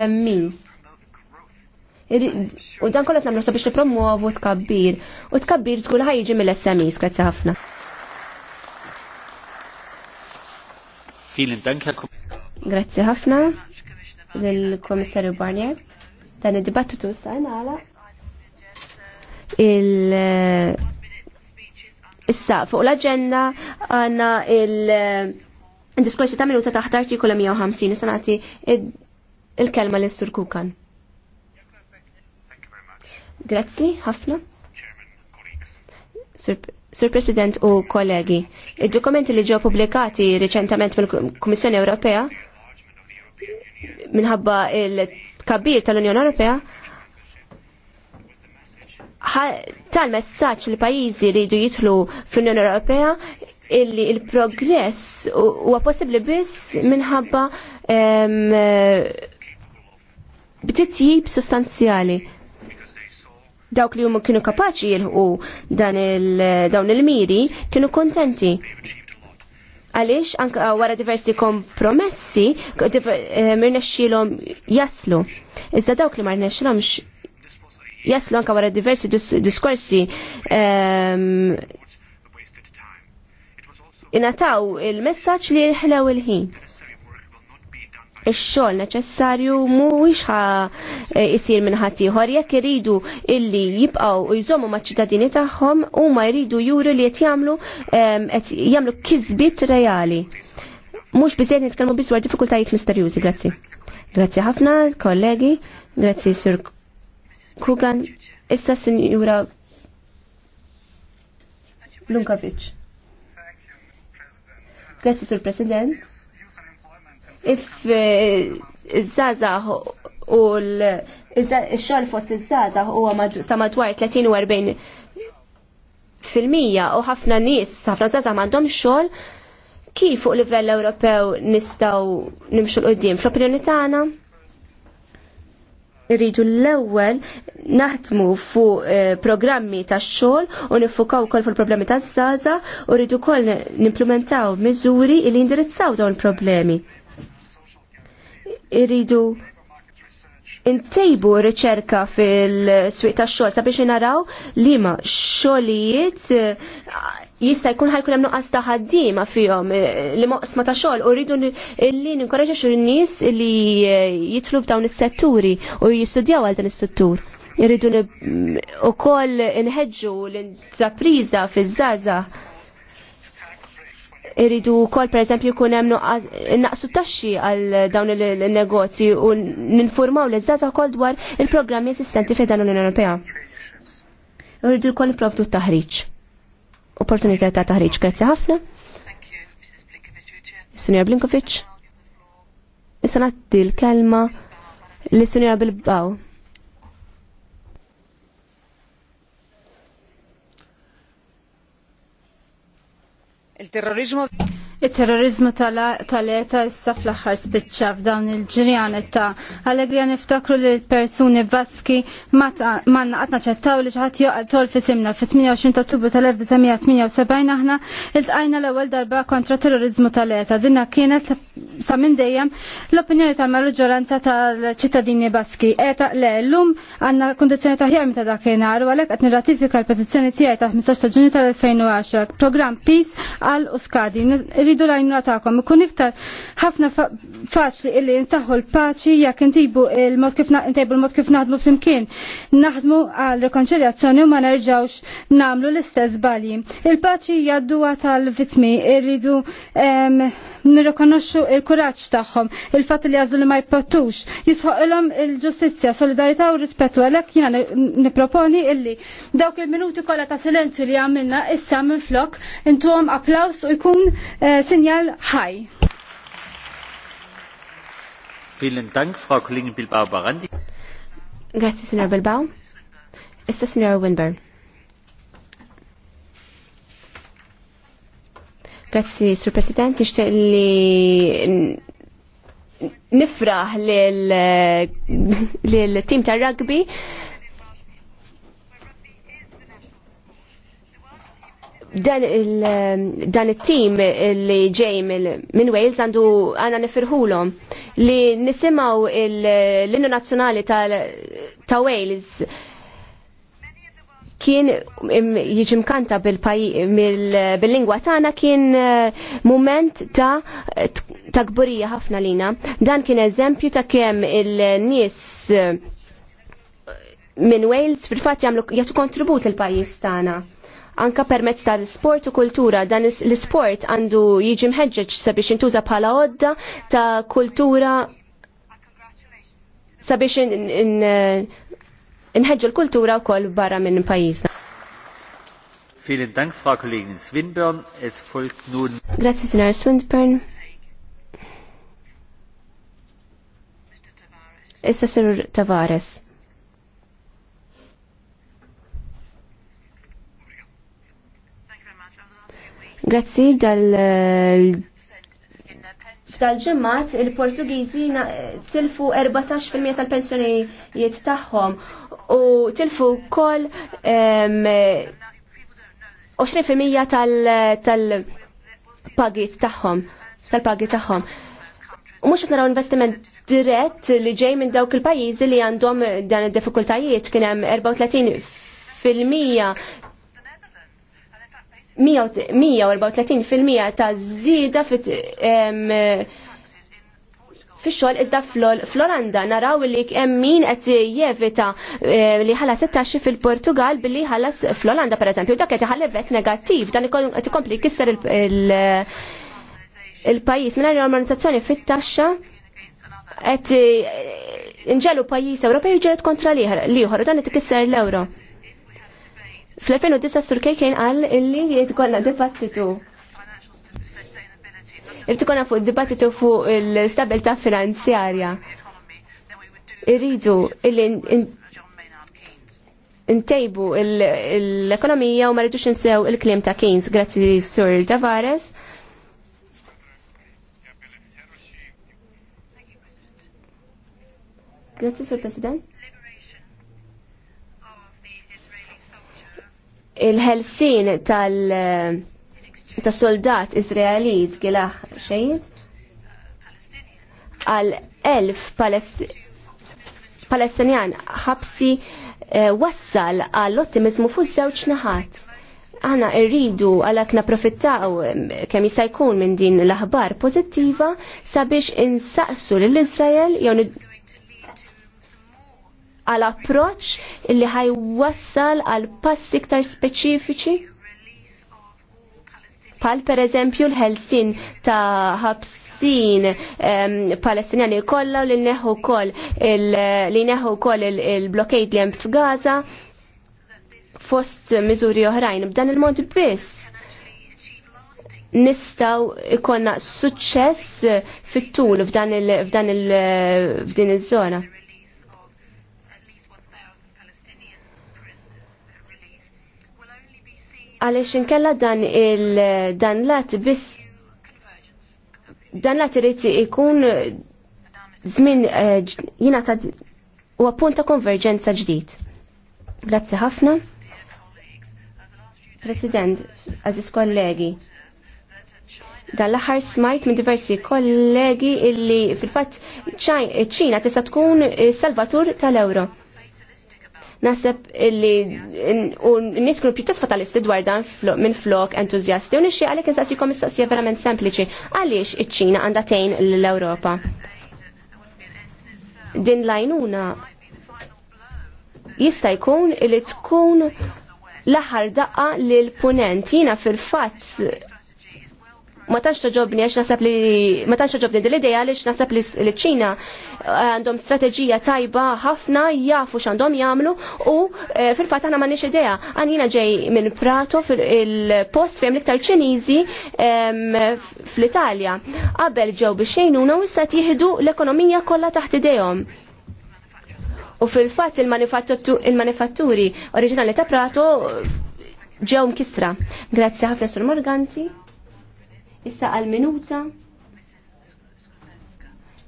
MMIs. U dan kollet namlu sabiex nipromuovu tkabbir. U tkabbir tkun ħajġi mill-SMIs, grazzi ħafna. Filin dank Grazzi ħafna l komissarju Barnier. Dan id-dibattitu sajna għala il- Issa, fuq l-agenda għanna il- Diskorsi ta' minuta taħt artikola 150, nisanati il-kelma l-Sur Kukan. Grazzi, ħafna. Sur President u kollegi, il-dokumenti li ġew publikati riċentament mill-Kummissjoni Ewropea minħabba il-kabir tal-Unjoni Ewropea tal-messaġġ li pajjiżi li jdu jidħlu fl-Unjoni Ewropea illi il-progress huwa possibbli biss minħabba bitizjib sostanzjali dawk li huma kienu kapaċi jilħu dan dawn il-miri kienu kontenti. Għaliex anka wara diversi kompromessi eh, mirnexxilhom jaslu. Iżda dawk li ma rnexxilhomx jaslu anka wara diversi diskorsi ehm, inataw il-messaġġ li jħlew il-ħin ix-xogħol neċessarju mhuwiex ħa jsir e, minn ħatiħor jekk iridu illi jibqgħu jżommu maċ-ċittadini tagħhom huma jridu juru li qed jagħmlu qed jagħmlu kisbiet reali. Mhux bizzejt nitkellmu biss dwar diffikultajiet misterjużi, grazzi. Grazzi ħafna, kollegi, grazzi Sur Kugan, issa Sinjura Lunkovic. Grazie sul President if eh, iż żaza u l-xogħol fost iż-żazax huwa ta' madwar 30 fil-mija u ħafna nies, ħafna żazax m'għandhom xogħol kif fuq livell Ewropew nistgħu nimxu l-qudiem fl-opinjoni tagħna? Rridu l-ewwel naħdmu fuq eh, programmi tax-xogħol u nifukaw ukoll fuq problemi taż-żaza u rridu wkoll nimplementaw miżuri li jindirizzaw dawn il-problemi. Iridu intejbu riċerka fil-swiq ta' xogħol sabiex naraw li ma xogħlijiet eh, jista' jkun ħajkun hemm nuqqas ta' ħaddiema fihom eh, li moqsma ta' xogħol u rridu illi ninkoraġġu xi nies li eh, jitlu f'dawn is-setturi u jistudjaw għal dan is-settur. Irridu mm, ukoll inħeġġu l-intrapriża fiż-żgħażagħ Iridu wkoll eżempju jkun hemm naqsu taxxi għal dawn il-negozji u ninfurmaw l-iżżaza kol dwar il-programmi esistenti fejn dan l-Unjoni Ewropea. Iridu kol niprovdu taħriġ. Opportunità ta' taħriġ. Grazzi ħafna. Sunja Blinkovic. Issa nagħti l-kelma lis sunja Bilbaw. il-terrorizmu Il-terrorizmu tal-eta issa fl-axar spiċċa f'dawn il-ġirjanet ta' għan niftakru li l-persuni vatski man għatna ċettaw li ċaħat joqgħod tol fi simna fit-28 ottubru tal-1978 aħna il-tqajna l-ewwel darba kontra terrorizmu tal-eta. Dinna kienet sa minn dejjem l-opinjoni tal-maġġoranza tal-ċittadini baski. Eta le llum għandna kondizzjoni ta' ħjar meta dak kienar u għalhekk qed nirratifika l-petizzjoni tiegħi ta' 15 Ġunju tal-2010 programm Peace għal Uskadi irridu lajnuna natakom. Ikun iktar ħafna faċli illi nsaħħu l-paċi jekk intibu il-mod kif intejbu l-mod kif naħdmu flimkien. Naħdmu għal rekonċiljazzjoni u ma nerġawx namlu l-istess balji. Il-paċi jaddua tal-vitmi irridu nirrikonoxxu il-kuraġġ tagħhom, il-fatt li jażlu li ma jippottux, jisħoqilhom il-ġustizzja, solidarità u rispettu għalhekk jiena nipproponi illi dawk il-minuti kollha ta' silenzju li għamilna issa minn flok intuhom applaus u jkun eh, sinjal ħaj. Vielen Dank, Frau Kollegin Bilbao Barandi. Grazie, Signor Bilbao. das Signor Winburn. Grazzi, Sur President, nixtieq li nifraħ lil-tim tar rugby dan il-tim li ġej minn Wales għandu għana nifirħulom li nisimaw l-innu nazzjonali ta' Wales kien jiġi mkanta bil-lingwa tagħna kien eh, mument ta' takburija ħafna lina. Dan kien eżempju ta' kemm il-nies eh, minn Wales fil-fatt jagħmlu jagħtu kontribut il-pajjiż tagħna anka permezz ta' sport u kultura. Dan l-sport għandu jiġi mħeġġeġ sabiex intuża bħala odda ta' kultura sabiex eh, nħeġġu l-kultura u wkoll barra minn pajizna. Vielen Dank, Frau Kollegin Swinburne. Es folgt nun. Grazie, Signor Swinburne. Issa Sir Tavares. Grazie dal uh, fdal ġemmat il-Portugiżi tilfu 14% tal-pensjonijiet tagħhom u tilfu wkoll 20% tal-pagit tagħhom tal-pagi tagħhom. U mhux qed naraw investiment dirett li ġej minn dawk il-pajjiżi li għandhom dan id-diffikultajiet kien hemm 34 fil-mija 134% ta' zida fix-xogħol iżda fl-Olanda naraw li kemm min qed jevita li ħalas it-taxxi fil-Portugal billi ħallas fl-Olanda pereżempju dak qed iħalli vet negattiv dan qed ikompli jkisser il-pajjiż l organizzazzjoni fit-taxxa qed inġelu pajjiż Ewropej jiġġeled kontra liħor ieħor u dan qed ikisser l-ewro. Fl-2009 Sur Kejkejn għal illi jitkolla dibattitu. Irtikona fuq dibattitu fuq il-stabilta finanzjarja. Irridu illi intejbu l-ekonomija u ma rridux il-klim ta' Keynes, grazzi Sur Tavares. Grazie, Sir Presidente. il-ħelsin tal- soldat Izraelit gilaħ xejn għal elf palestinjan ħabsi eh, wassal għall ottimizmu fuq żewġ naħat. Aħna rridu għalhekk naprofittaw kemm jista' jkun minn din l-aħbar pożittiva sabiex insaqsu lill-Iżrael jew għal approċ li ħajwassal għal passi iktar speċifiċi? Pal per eżempju l-ħelsin ta' ħabsin palestinjani kollha u li neħu koll li neħu koll il-blokkejt li hemm f'Gaza fost miżuri oħrajn b'dan il-mod biss nistaw ikonna suċċess fit-tul f'dan il-żona. il, f'dan il, f'din iż-żona. għaliex inkella dan il-dan lat biss dan lat irid ikun żmien eh, jina ta' u appunta konverġenza ġdid. Grazzi ħafna. President, għaziz kollegi, dan l-aħħar smajt minn diversi kollegi illi fil fat ċina tista' tkun salvatur tal-Euro nasib illi n-nis kunu pjuttost fatalisti dwar dan minn flok entuzjasti u nixxie għalek nsaqsikom mistoqsija verament sempliċi. Għaliex iċ-Ċina għandha tgħin l europa Din lajnuna jista' jkun li tkun l-aħħar daqqa l-ponent. Jina fil-fatt ma tantx toġobni għax nasab li ma tantx toġobni din l-idea għaliex nasab li l-Ċina eh, għandhom strateġija tajba ħafna jafu x'għandhom jagħmlu u eh, fil-fatt aħna m'għandniex idea. Għan jiena ġej minn Prato fil-post fejn l-iktar Ċiniżi fl-Italja. Qabel ġew biex jgħinuna u issa jieħdu l-ekonomija kollha taħt idejhom u fil-fatt il-manifatturi oriġinali ta' Prato ġew mkisra. Grazzi ħafna sur Morganti. Issa għal-minuta.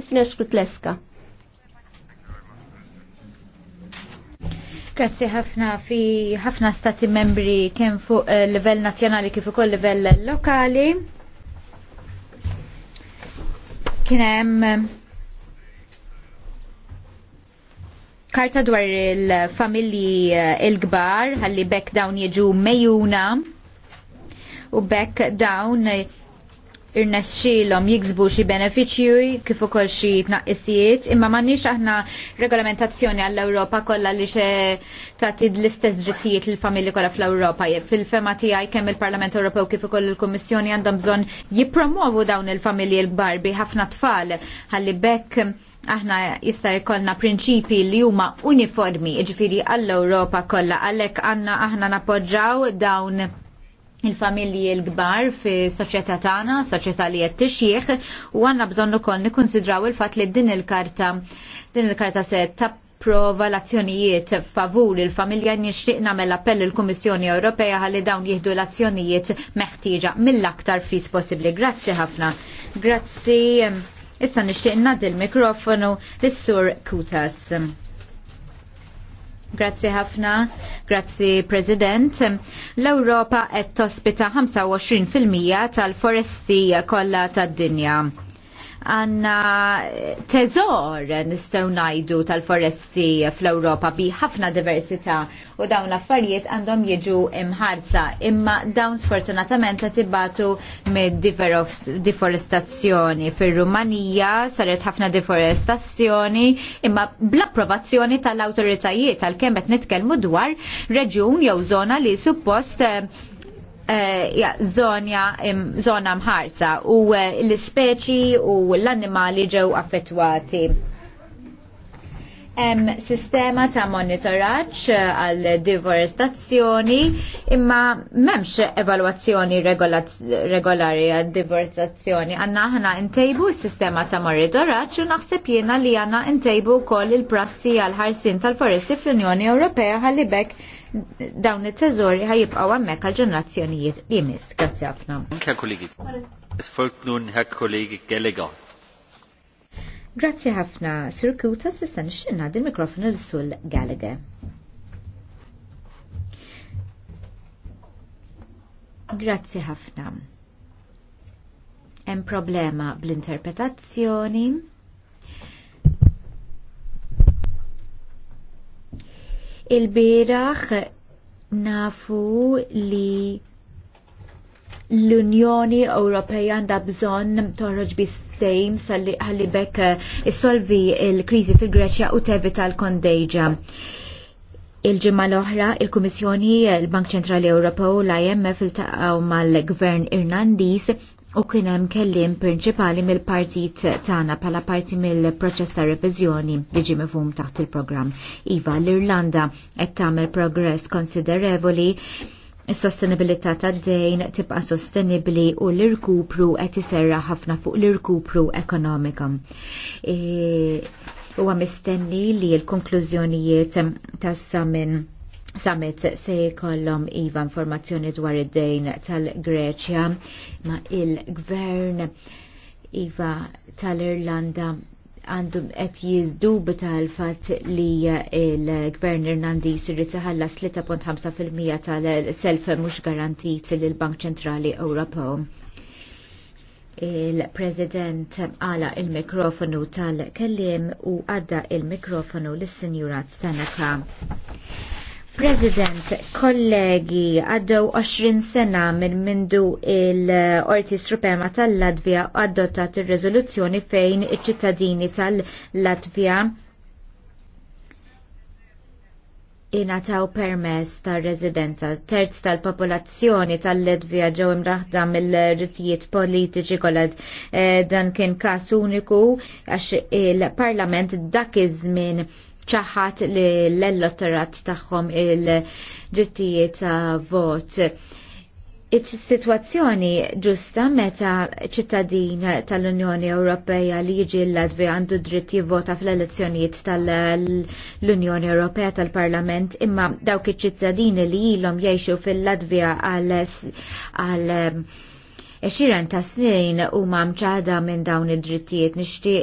Isna xkutleska. Grazzi ħafna fi ħafna stati membri kemm fuq eh, livell nazzjonali kif ukoll livell lokali. Kien hemm eh, karta dwar il-familji eh, il-gbar, ħalli bekk dawn jiġu Mejuna. u bekk dawn irnexxilhom jiksbu xi benefiċċju kif ukoll xi tnaqqisijiet, imma m'għandniex aħna regolamentazzjoni għall-Ewropa kollha li xe tagħti l-istess drittijiet lill familji kollha fl-Ewropa. Fil-fema tiegħi kemm il-Parlament Ewropew kif ukoll il-Kummissjoni għandhom bżonn jippromovu dawn il-familji l-kbar bi ħafna tfal ħalli bekk aħna jista' jkollna prinċipi li huma uniformi, jiġifieri għall-Ewropa kollha, għalhekk għandna aħna napoġġaw dawn il-familji l-gbar fi soċjetà tagħna, soċjetà li qed tixjieħ, u għandna bżonn ukoll nikkunsidraw il-fatt li din il-karta din il-karta se tapprova l-azzjonijiet favur il-familja nixtieq nagħmel appell il-Kummissjoni Ewropea ħalli dawn jieħdu l-azzjonijiet meħtieġa mill-aktar fis possibbli. Grazzi ħafna. Grazzi. Issa nixtieq ngħaddi l-mikrofonu lis-Sur Kutas. Grazzi ħafna. Grazzi President. l europa qed tospita 25% tal-foresti kollha tad-dinja għanna eh, teżor nistaw najdu tal-foresti fl-Europa bi ħafna diversità u dawn l-affarijiet għandhom jiġu imħarsa imma dawn sfortunatament tibbatu mid deforestazzjoni fir-Rumanija saret ħafna deforestazzjoni imma bl-approvazzjoni tal-autoritajiet tal kemmet qed nitkellmu dwar reġun jew zona li suppost eh, Eh, ja, zona mħarsa u eh, l-speċi u l-annimali ġew affettwati hemm sistema ta' monitoraġġ eh, għal divorestazzjoni imma m'hemmx evalwazzjoni regolari għal divorestazzjoni. Għandna aħna ntejbu s-sistema ta' monitoraġġ u naħseb jiena li għandna ntejbu wkoll il-prassi għal ħarsin tal-foresti fl-Unjoni Ewropea ħalli bekk dawn it-teżori ħajibqgħu hemmhekk għal ġenerazzjonijiet li Grazzi ħafna. Anke kollegi. es folgt kollegi Herr Grazzi ħafna, Sir Kuta, sissa xinna din mikrofonu l-sul Gallagher. Grazzi ħafna. Hemm problema bl-interpretazzjoni. Il-biraħ nafu li l-Unjoni Ewropea għandha bżonn toħroġ bis ftejm ħalli bekk eh, issolvi l-kriżi fil-Greċja u tevita l-kondejġa. Il-ġimma l-oħra, il-Kummissjoni, il-Bank Ċentrali Ewropew, l-IMF il-taqgħu mal-Gvern Irlandiż u kien hemm kellim prinċipali mill-partit tagħna bħala parti mill-proċess ta' reviżjoni li ġie mifhum taħt il-programm. Iva l-Irlanda qed tagħmel progress konsiderevoli Is-sostenibilità tad-dejn tibqa' sostenibbli u l-irkupru qed iserra ħafna fuq l-irkupru ekonomika. E, Huwa mistenni li l-konklużjonijiet tas-samin Summit se jkollhom iva informazzjoni dwar id-dejn tal-Greċja ma' il-gvern iva tal-Irlanda għandhom qed jiddubita l-fatt li l-Gvern Irlandiż irid iħallas 3.5% tal-self mhux garantit lill bank Ċentrali Ewropew. Il-President għala il-mikrofonu tal-kellim u għadda il-mikrofonu lis-Sinjura Stanaka. President, kollegi, għaddew 20 sena minn mindu il-Orti Suprema tal-Latvija adottat il-rezoluzzjoni fejn iċ-ċittadini tal-Latvija inataw permess tal residenza. Terz tal-popolazzjoni tal-Latvija ġew imraħda mill-ritijiet politiċi kollad eh, dan kien kas uniku għax il-Parlament dak iż-żmien ċaħat li l-elettorat tagħhom il-ġittijiet ta' vot. Iċ-situazzjoni ġusta meta ċittadin tal-Unjoni Ewropea li jiġi l-Latvi għandu dritt jivvota fl-elezzjonijiet tal-Unjoni Ewropea tal-Parlament imma dawk iċ-ċittadini li ilhom jgħixu fil-Latvija għal eċiran ehm, ta' snin u mamċada minn dawn id-drittijiet nixtieq